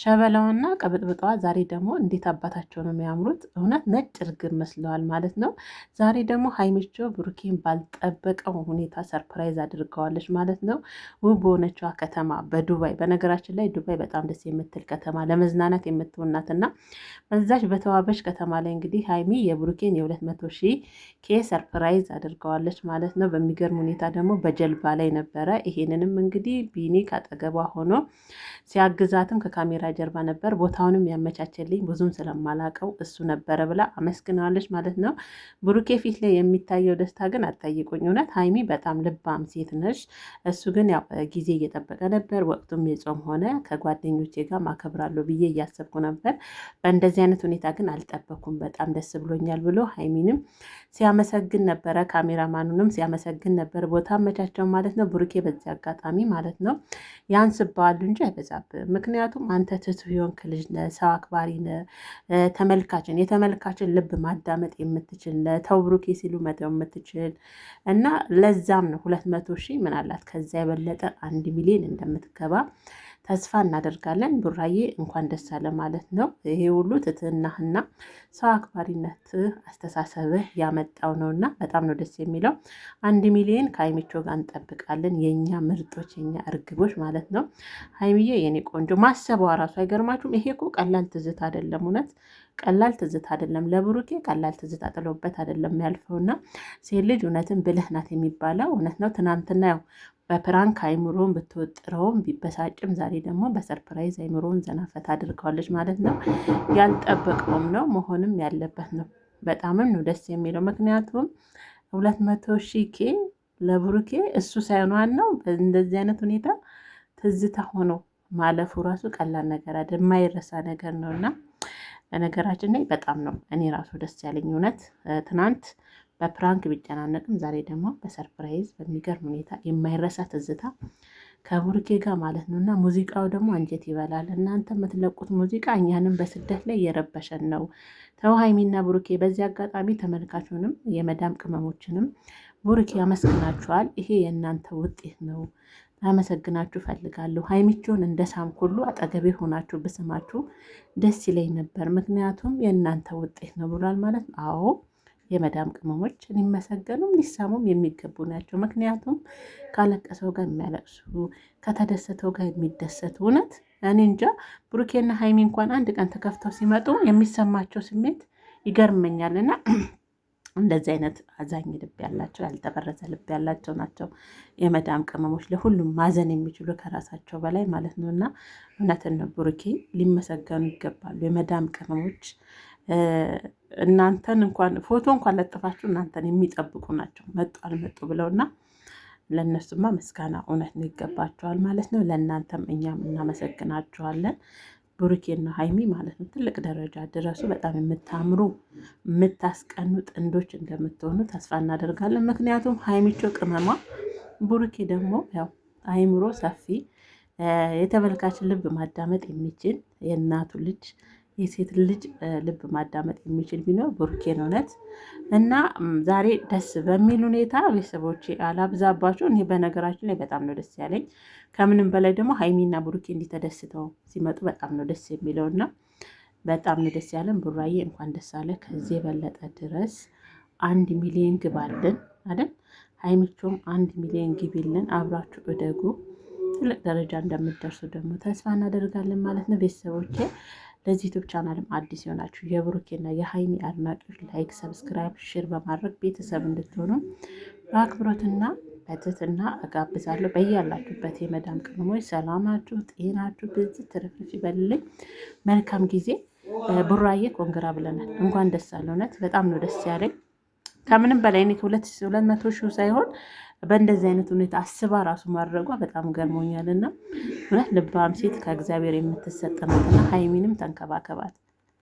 ሸበላውና ቀበጥብጣዋ ዛሬ ደግሞ እንዴት አባታቸው ነው የሚያምሩት! እውነት ነጭ እርግብ መስለዋል ማለት ነው። ዛሬ ደግሞ ሀይሚቾ ብሩኬን ባልጠበቀው ሁኔታ ሰርፕራይዝ አድርገዋለች ማለት ነው። ውብ በሆነችዋ ከተማ በዱባይ በነገራችን ላይ ዱባይ በጣም ደስ የምትል ከተማ ለመዝናናት የምትሆናትና በዛች በተዋበች ከተማ ላይ እንግዲህ ሀይሚ የብሩኬን የሁለት መቶ ሺህ ኬ ሰርፕራይዝ አድርገዋለች ማለት ነው። በሚገርም ሁኔታ ደግሞ በጀልባ ላይ ነበረ። ይሄንንም እንግዲህ ቢኒ ካጠገቧ ሆኖ ሲያግዛትም ከካሜራ ካሜራ ጀርባ ነበር። ቦታውንም ያመቻቸልኝ ብዙም ስለማላቀው እሱ ነበረ ብላ አመስግናዋለች ማለት ነው። ብሩኬ ፊት ላይ የሚታየው ደስታ ግን አጠይቁኝ። እውነት ሀይሚ በጣም ልባም ሴት ነች። እሱ ግን ያው ጊዜ እየጠበቀ ነበር። ወቅቱም የጾም ሆነ። ከጓደኞቼ ጋር ማከብራለሁ ብዬ እያሰብኩ ነበር። በእንደዚህ አይነት ሁኔታ ግን አልጠበኩም። በጣም ደስ ብሎኛል ብሎ ሀይሚንም ሲያመሰግን ነበረ። ካሜራማኑንም ሲያመሰግን ነበር። ቦታ አመቻቸው ማለት ነው። ብሩኬ በዚህ አጋጣሚ ማለት ነው ያንስባዋሉ እንጂ አይበዛብም። ምክንያቱም አንተ አንተ ትቱ የሆንክ ልጅ ነህ፣ ሰው አክባሪ ነህ፣ ተመልካችን የተመልካችን ልብ ማዳመጥ የምትችል ነህ፣ ተው ብሩኬ ሲሉ መተው የምትችል እና ለዛም ነው ሁለት መቶ ሺህ ምናላት አላት ከዛ የበለጠ አንድ ሚሊዮን እንደምትገባ ተስፋ እናደርጋለን። ቡራዬ እንኳን ደስ አለ ማለት ነው። ይሄ ሁሉ ትትናህና ሰው አክባሪነት አስተሳሰብህ ያመጣው ነው እና በጣም ነው ደስ የሚለው። አንድ ሚሊዮን ከሀይሚቾ ጋር እንጠብቃለን። የእኛ ምርጦች፣ የኛ እርግቦች ማለት ነው። ሀይሚዬ የኔ ቆንጆ ማሰበዋ ራሱ አይገርማችሁም? ይሄ እኮ ቀላል ትዝት አይደለም እውነት ቀላል ትዝት አይደለም። ለብሩኬ ቀላል ትዝት ጥሎበት አይደለም ያልፈውና ሴት ልጅ እውነትን ብልህ ናት የሚባለው እውነት ነው። ትናንትና ያው በፕራንክ አይምሮን ብትወጥረውም ቢበሳጭም ዛሬ ደግሞ በሰርፕራይዝ አይምሮን ዘናፈት አድርገዋለች ማለት ነው። ያልጠበቀውም ነው መሆንም ያለበት ነው። በጣምም ነው ደስ የሚለው ምክንያቱም ሁለት መቶ ሺህ ኬ ለብሩኬ እሱ ሳይሆኗን ነው እንደዚህ አይነት ሁኔታ ትዝታ ሆኖ ማለፉ ራሱ ቀላል ነገር አይደል፣ የማይረሳ ነገር ነው እና በነገራችን ላይ በጣም ነው እኔ ራሱ ደስ ያለኝ እውነት ትናንት በፕራንክ ቢጨናነቅም ዛሬ ደግሞ በሰርፕራይዝ በሚገርም ሁኔታ የማይረሳ ትዝታ ከቡርኬ ጋር ማለት ነው። እና ሙዚቃው ደግሞ አንጀት ይበላል። እናንተ የምትለቁት ሙዚቃ እኛንም በስደት ላይ እየረበሸን ነው። ተው ሀይሚና ቡርኬ። በዚህ አጋጣሚ ተመልካቹንም የመዳም ቅመሞችንም ቡርኬ ያመስግናችኋል። ይሄ የእናንተ ውጤት ነው። ላመሰግናችሁ ፈልጋለሁ። ሀይሚቾን እንደ ሳም ሁሉ አጠገቤ ሆናችሁ ብስማችሁ ደስ ይለኝ ነበር፣ ምክንያቱም የእናንተ ውጤት ነው ብሏል ማለት ነው። አዎ የመዳም ቅመሞች ሊመሰገኑም ሊሳሙም የሚገቡ ናቸው። ምክንያቱም ካለቀሰው ጋር የሚያለቅሱ ከተደሰተው ጋር የሚደሰቱ እውነት እኔ እንጃ ብሩኬና ሀይሚ እንኳን አንድ ቀን ተከፍተው ሲመጡ የሚሰማቸው ስሜት እና እንደዚህ አይነት አዛኝ ልብ ያላቸው ያልተበረዘ ልብ ያላቸው ናቸው የመዳም ቅመሞች፣ ለሁሉም ማዘን የሚችሉ ከራሳቸው በላይ ማለት ነው። እና እውነትን ነው ብሩኬ፣ ሊመሰገኑ ይገባሉ የመዳም ቅመሞች። እናንተን እንኳን ፎቶ እንኳን ለጥፋችሁ እናንተን የሚጠብቁ ናቸው መጡ አልመጡ ብለውና ለእነሱማ ምስጋና እውነት ነው ይገባቸዋል ማለት ነው። ለእናንተም እኛም እናመሰግናችኋለን። ብሩኬና ሀይሚ ማለት ነው ትልቅ ደረጃ ድረሱ። በጣም የምታምሩ የምታስቀኑ ጥንዶች እንደምትሆኑ ተስፋ እናደርጋለን። ምክንያቱም ሀይሚቾ ቅመሟ፣ ብሩኬ ደግሞ ያው አይምሮ ሰፊ፣ የተመልካች ልብ ማዳመጥ የሚችል የእናቱ ልጅ የሴት ልጅ ልብ ማዳመጥ የሚችል ቢኖር ብሩኬን እውነት እና ዛሬ ደስ በሚል ሁኔታ ቤተሰቦቼ አላብዛባቸው። እኔ በነገራችን ላይ በጣም ነው ደስ ያለኝ። ከምንም በላይ ደግሞ ሀይሚና ብሩኬ እንዲተደስተው ሲመጡ በጣም ነው ደስ የሚለውና በጣም ነው ደስ ያለን። ቡራዬ እንኳን ደስ አለ። ከዚህ የበለጠ ድረስ አንድ ሚሊዮን ግባልን አይደል? ሀይሚቾም አንድ ሚሊዮን ግቢልን፣ አብራችሁ እደጉ። ትልቅ ደረጃ እንደምትደርሱ ደግሞ ተስፋ እናደርጋለን ማለት ነው ቤተሰቦቼ። ለዚህ ዩቱብ ቻናልም አዲስ የሆናችሁ የብሩኬና የሀይሚ አድናቂዎች ላይክ፣ ሰብስክራይብ፣ ሼር በማድረግ ቤተሰብ እንድትሆኑ በአክብሮትና በትህትና እጋብዛለሁ። በያላችሁበት የመዳም ቅመሞች ሰላማችሁ፣ ጤናችሁ ብዙ ትርፍርፍ ይበልልኝ። መልካም ጊዜ። ቡራዬ ኮንግራ ብለናል። እንኳን ደስ አለ። እውነት በጣም ነው ደስ ያለኝ ከምንም በላይ እኔ ከሁለት መቶ ሺህ ሳይሆን በእንደዚህ አይነት ሁኔታ አስባ ራሱ ማድረጓ በጣም ገርሞኛልና፣ ልባም ሴት ከእግዚአብሔር የምትሰጥ ናትና ሀይሚንም ተንከባከባት።